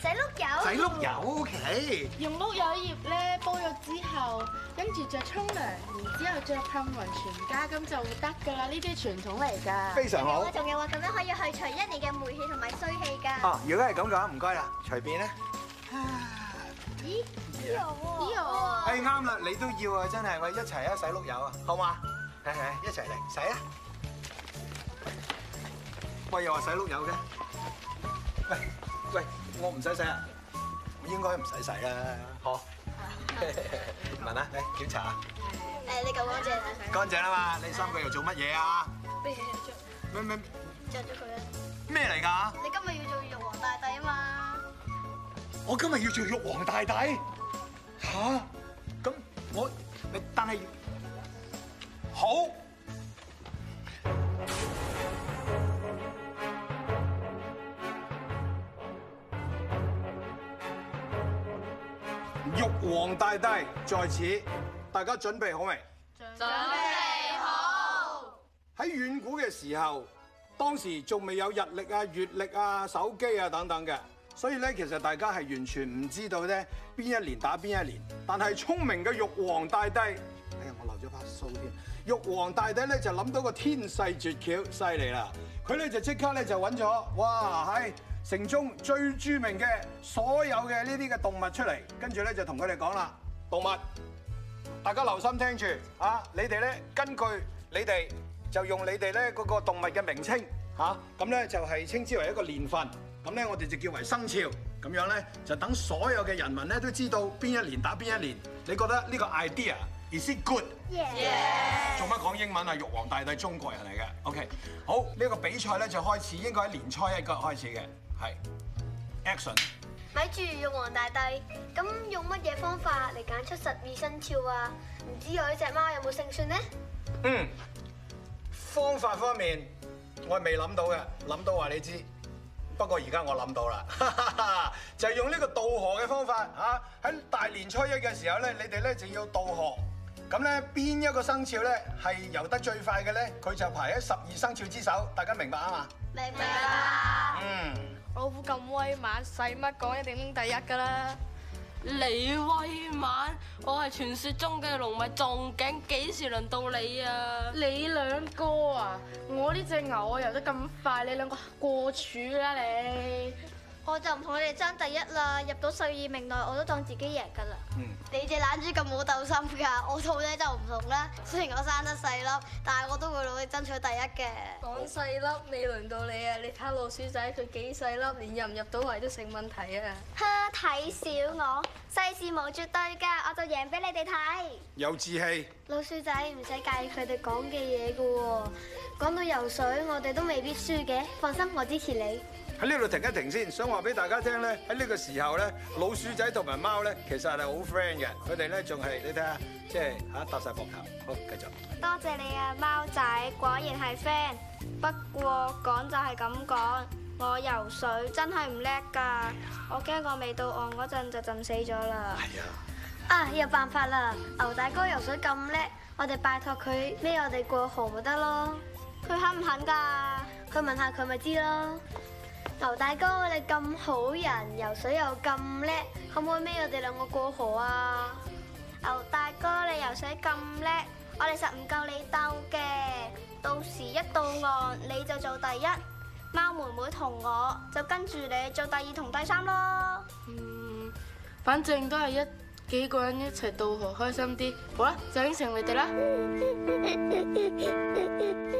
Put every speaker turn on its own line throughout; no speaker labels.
洗碌柚，洗碌柚，O K。用碌柚葉咧煲咗之後，跟住再沖涼，然之後再噴勻全家咁就得噶啦，呢啲傳統嚟噶。非常好。仲有話咁
樣可以去除一年嘅霉氣同埋衰氣噶。
哦，如果係咁嘅
話，唔該啦，隨便啦。咦？要喎，要喎。哎，啱啦，你都要啊，真係，喂，一齊啊，洗碌柚啊，好嘛？係係，一齊嚟，洗啊！喂，又話洗碌柚嘅？喂。喂，我唔使洗啊，應該唔使洗啦，好？問啊，檢查啊？
誒，你乾
淨啦，乾淨啦嘛？你三個又做乜嘢啊？
咩？咩？着咗
佢啊？咩嚟㗎？你今日要做玉皇大帝啊嘛？我今日要做玉皇大帝？吓？咁我，但係好。玉皇大帝在此，大家準備好未？
準備好。
喺遠古嘅時候，當時仲未有日曆啊、月曆啊、手機啊等等嘅，所以咧其實大家係完全唔知道呢邊一年打邊一年。但係聰明嘅玉皇大帝，哎呀我留咗把須添。玉皇大帝咧就諗到個天勢絕橋，犀利啦！佢咧就即刻咧就揾咗哇係。城中最著名嘅所有嘅呢啲嘅動物出嚟，跟住咧就同佢哋講啦。動物，大家留心聽住吓、啊，你哋咧根據你哋就用你哋咧嗰個動物嘅名稱吓，咁、啊、咧就係稱之為一個年份。咁咧我哋就叫為生肖。咁樣咧就等所有嘅人民咧都知道邊一年打邊一年。你覺得呢個 idea is it good？做乜講英文啊？玉皇大帝中國人嚟嘅。OK，好，呢、這個比賽咧就開始，應該喺年初一嗰日開始嘅。係，action！
咪住，玉皇大帝，咁用乜嘢方法嚟揀出十二生肖啊？唔知嗰隻貓有冇勝算呢？嗯，
方法方面我係未諗到嘅，諗到話你知。不過而家我諗到啦， 就係用呢個渡河嘅方法嚇。喺大年初一嘅時候咧，你哋咧就要渡河。咁咧邊一個生肖咧係游得最快嘅咧，佢就排喺十二生肖之首。大家明白啊嘛？明白。嗯。
老虎咁威猛，使乜講一定第一㗎啦？
你
威猛，我係傳說中嘅龍，咪撞頸，幾時輪到你啊？你兩個啊，我呢隻牛啊，游得咁快，你兩個過柱啦、啊、你。我就唔同你哋爭第一啦，入到賽爾名內我都當自己贏㗎啦。嗯，你隻懶豬咁冇鬥心㗎，我兔仔就唔同啦。雖然我生得細粒，但係我都會努力爭取第一嘅。講細粒未輪到你啊！你睇老鼠仔，佢幾細粒，連入唔入到圍都成問題啊！哈，睇小我，世事無絕對㗎，我就贏俾你哋睇。有志氣。老鼠仔唔使介意佢哋講嘅嘢㗎喎，講到游水，我哋都未必輸嘅。放心，我支持你。
喺呢度停一停先，想話俾大家聽咧，喺呢個時候咧，老鼠仔同埋貓咧，其實係好 friend 嘅，佢哋咧仲係，你睇下，即係吓搭晒膊頭。好，繼續。
多謝你啊，貓仔，果然係 friend。不過講就係咁講，我游水真係唔叻噶，我驚我未到岸嗰陣就浸死咗啦。係啊。啊，有辦法啦，牛大哥游水咁叻，我哋拜託佢孭我哋過河咪得咯。佢肯唔肯噶？佢問下佢咪知咯。牛大哥，你咁好人，游水又咁叻，可唔可以孭我哋兩個過河啊？牛大哥，你游水咁叻，我哋實唔夠你鬥嘅，到時一到岸你就做第一，貓妹妹同我就跟住你做第二同第三咯。嗯，反正都係一幾個人一齊渡河開心啲，好啦，就應承你哋啦。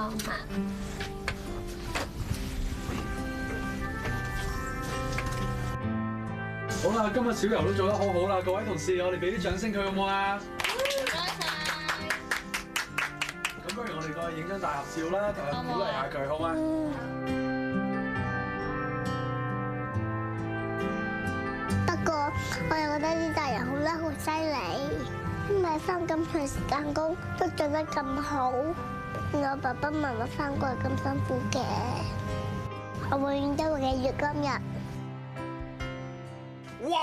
好嘛，好啦，今日小游都做得好好啦，各位同事，我哋俾啲掌聲佢好唔好啊？唔該晒。咁不如我哋過去影張大合照啦，
同佢鼓勵下佢好嘛？不過我又覺得啲大人好叻好犀利，唔係翻咁長時間工都做得咁好。我爸爸媽媽翻過嚟咁辛苦嘅，我永遠都會記住今日。哇！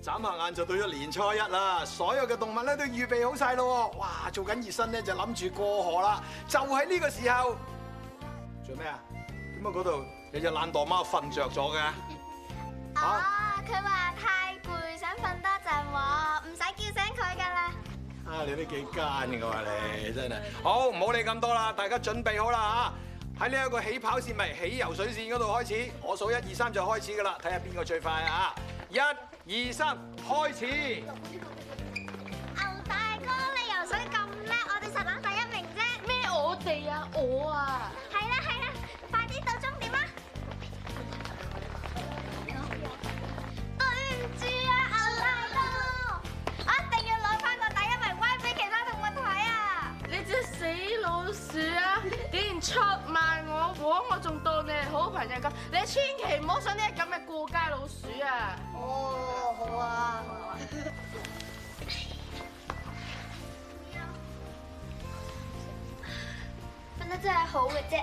眨下眼就到咗年初一啦，所有嘅動物咧都預備好晒咯。哇！做緊熱身咧就諗住過河啦，就喺呢個時候做咩？哦、啊？點解嗰度有隻懶惰貓瞓着咗嘅？
啊！佢話太～
啊！你都幾奸嘅喎你，真係好唔好理咁多啦！大家準備好啦嚇，喺呢一個起跑線咪起游水線嗰度開始，我數一二三就開始㗎啦，睇下邊個最快啊！一、二、三，開始！牛大哥，你游水咁叻，我哋實揾
第一名啫！咩我哋啊？我啊！只，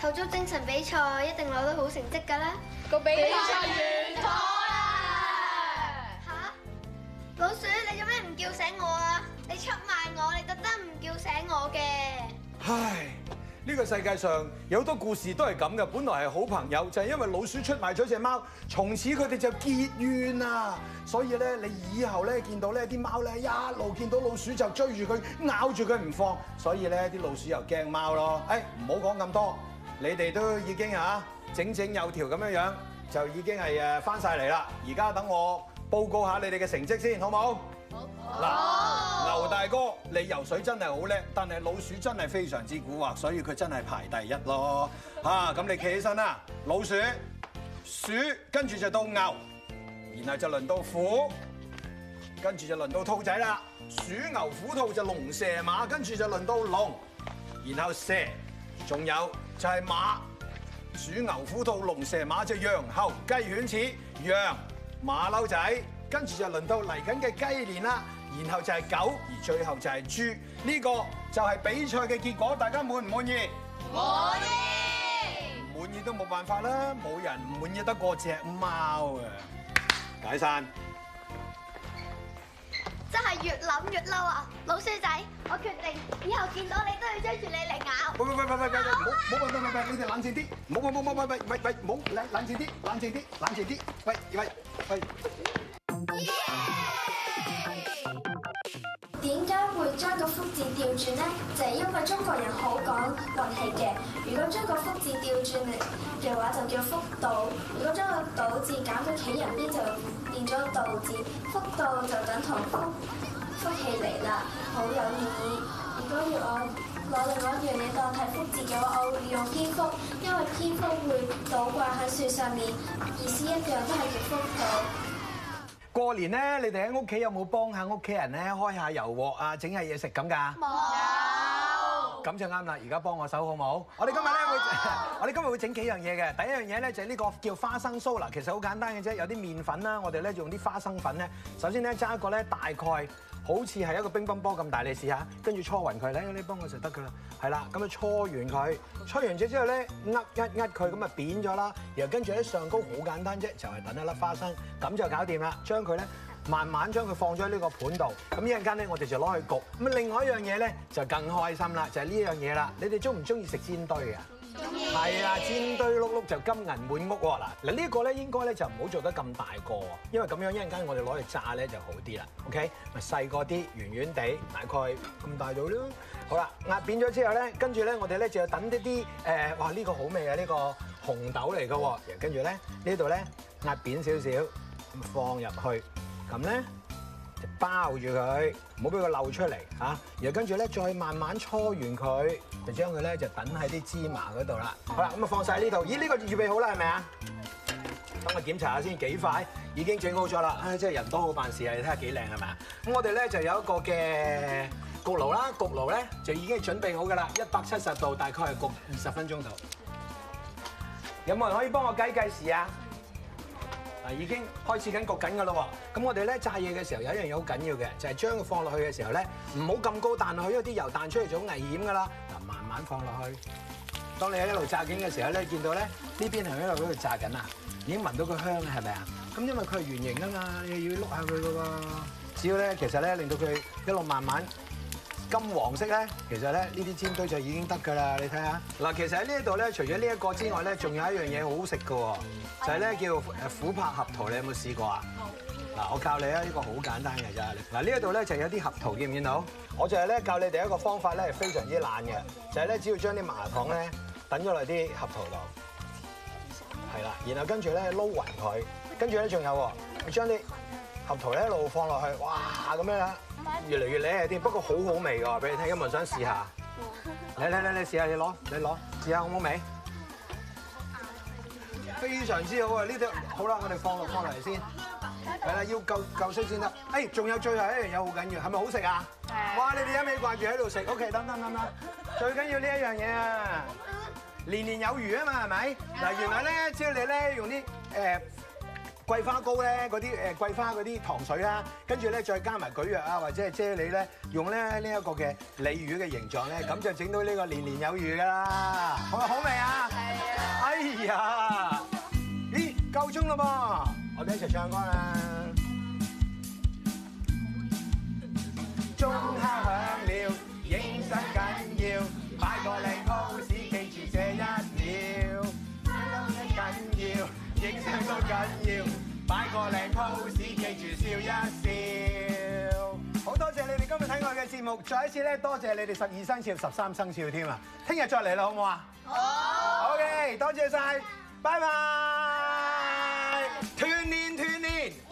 投足精神比賽一定攞到好成績㗎啦。個比賽完咗啦。吓，老鼠你做咩唔叫醒我啊？你出賣我，你特登唔叫醒我嘅。
唉。呢個世界上有好多故事都係咁嘅，本來係好朋友，就係、是、因為老鼠出賣咗隻貓，從此佢哋就結怨啦。所以咧，你以後咧見到咧啲貓咧，一路見到老鼠就追住佢咬住佢唔放，所以咧啲老鼠又驚貓咯。誒、哎，唔好講咁多，你哋都已經嚇、啊、整整有條咁樣樣，就已經係誒翻曬嚟啦。而家等我報告下你哋嘅成績先，好冇？嗱，牛大哥，你游水真係好叻，但係老鼠真係非常之古惑，所以佢真係排第一咯。嚇、 啊，咁你企起身啦，老鼠鼠，跟住就到牛，然後就輪到虎，跟住就輪到兔仔啦。鼠牛虎兔就係、龍蛇馬，跟住就輪到龍，然後蛇，仲有就係馬，鼠牛虎兔龍蛇馬就羊猴雞犬鼠羊馬騮仔，跟住就輪到嚟緊嘅雞年啦。然後就係狗，而最後就係豬，呢個就係比賽嘅結果。大家滿唔滿意？滿意。滿意都冇辦法啦，冇人滿意得過隻貓啊！解散。
真係越諗越嬲啊，老衰仔！我決定以
後見到你都要追住你嚟咬。喂喂喂喂喂喂，冇冇冇冇冇，你哋冷靜啲，冇冇冇冇冇冇冇冇，冷靜啲，冷靜啲，冷靜啲，喂喂喂。
個福字調轉呢，就係因為中國人好講運氣嘅。如果將個福字調轉嚟嘅話，就叫福倒；如果將個倒字減到企人邊，就變咗倒字。福倒就等同福，福氣嚟啦，好有意義。如果要我攞另外一樣嘢代替福字嘅話，我會用蝙蝠，因為蝙蝠會倒掛喺樹上面，意思一樣都係叫福倒。過
年咧，你哋喺屋企有冇幫下屋企人咧開下油鑊啊，整下嘢食咁㗎？
冇
有，咁就啱啦！而家幫我手好唔好？ 我哋今日咧，我哋今日會整幾樣嘢嘅。第一樣嘢咧就係呢個叫花生酥啦，其實好簡單嘅啫，有啲麵粉啦，我哋咧用啲花生粉咧，首先咧揸一個咧大概。好似係一個乒乓波咁大，你試下，跟住搓勻佢咧，你幫我就得噶啦。係啦，咁啊搓完佢，搓完咗之後咧，呃一呃佢，咁啊扁咗啦。然後跟住喺上高好簡單啫，就係等一粒花生，咁就搞掂啦。將佢咧慢慢將佢放咗喺呢個盤度，咁一陣間咧我哋就攞去焗。咁啊另外一樣嘢咧就更開心啦，就係呢樣嘢啦。你哋鍾唔鍾意食煎堆啊？係啊，煎堆碌碌就金銀滿屋喎，嗱嗱呢個咧，應該咧就唔好做得咁大個，因為咁樣一陣間我哋攞去炸咧就好啲啦，OK，咪細個啲圓圓地，大概咁大度囉。好啦，壓扁咗之後咧，跟住咧我哋咧就要等一啲誒，哇，呢個好味呀，呢個紅豆嚟㗎，跟住咧呢度咧壓扁少少咁放入去，咁咧。包住佢，唔好俾佢漏出嚟吓。然後跟住咧，再慢慢搓完佢，就將佢咧就等喺啲芝麻嗰度啦。好啦，咁啊放晒呢度。咦，呢個預備好啦，係咪啊？等我檢查下先，幾快？已經整好咗啦。唉、哎，真係人多好辦事啊！你睇下幾靚係咪啊？咁我哋咧就有一個嘅焗爐啦，焗爐咧就已經準備好㗎啦，一百七十度，大概係焗二十分鐘度。有冇人可以幫我計計時啊？已經開始緊焗緊㗎咯喎，咁我哋咧炸嘢嘅時候有一樣嘢好緊要嘅，就係將佢放落去嘅時候咧，唔好咁高彈落去，因為啲油彈出嚟就好危險㗎啦。嗱，慢慢放落去。當你喺一路炸緊嘅時候咧，見到咧呢邊係一路喺度炸緊啊，已經聞到個香係咪啊？咁因為佢係圓形啊嘛，你又要碌下佢㗎喎。只要咧，其實咧令到佢一路慢慢。金黃色咧，其實咧呢啲煎堆就已經得㗎啦，你睇下。嗱，其實喺呢一度咧，除咗呢一個之外咧，仲有一樣嘢好好食嘅，就係咧叫誒琥珀合桃，你有冇試過啊？嗱好，我教你啊，呢個好簡單嘅啫。嗱，呢一度咧就有啲合桃見唔見到？我就係咧教你第一個方法咧，係非常之爛嘅，就係咧只要將啲麻糖咧等咗落啲合桃度，係啦，然後跟住咧撈勻佢，跟住咧仲有，將啲合桃一路放落去，哇咁樣啊！越嚟越靚啲，不過好好味㗎，俾你聽，有冇人想試下？嚟嚟嚟嚟試下，你攞，你攞，試下好唔好味？非常之好啊！呢啲好啦，我哋放落放落嚟先，係啦，要夠夠衰先得。哎，仲有最後一樣嘢好緊要，係咪好食啊？係。哇！你哋一味掛住喺度食，OK？等等等等，最緊要呢一樣嘢啊，年年有餘啊嘛，係咪？嗱，原來咧，只要你咧用啲誒。桂花糕咧，嗰啲誒桂花嗰啲糖水啦，跟住咧再加埋蒟蒻啊，或者係啫喱咧，用咧呢一個嘅鯉魚嘅形狀咧，咁的就整到呢個年年有餘噶啦！的好好味啊？係啊的！哎呀，咦的，夠鐘嘞噃！我哋一齊唱歌啦！的中蝦響。再一次咧，多謝你哋十二生肖、十三生肖添啊！聽日再嚟啦，好唔好啊？
好。OK，好好多
謝晒！拜拜。鍛鍊鍛鍊。拜拜。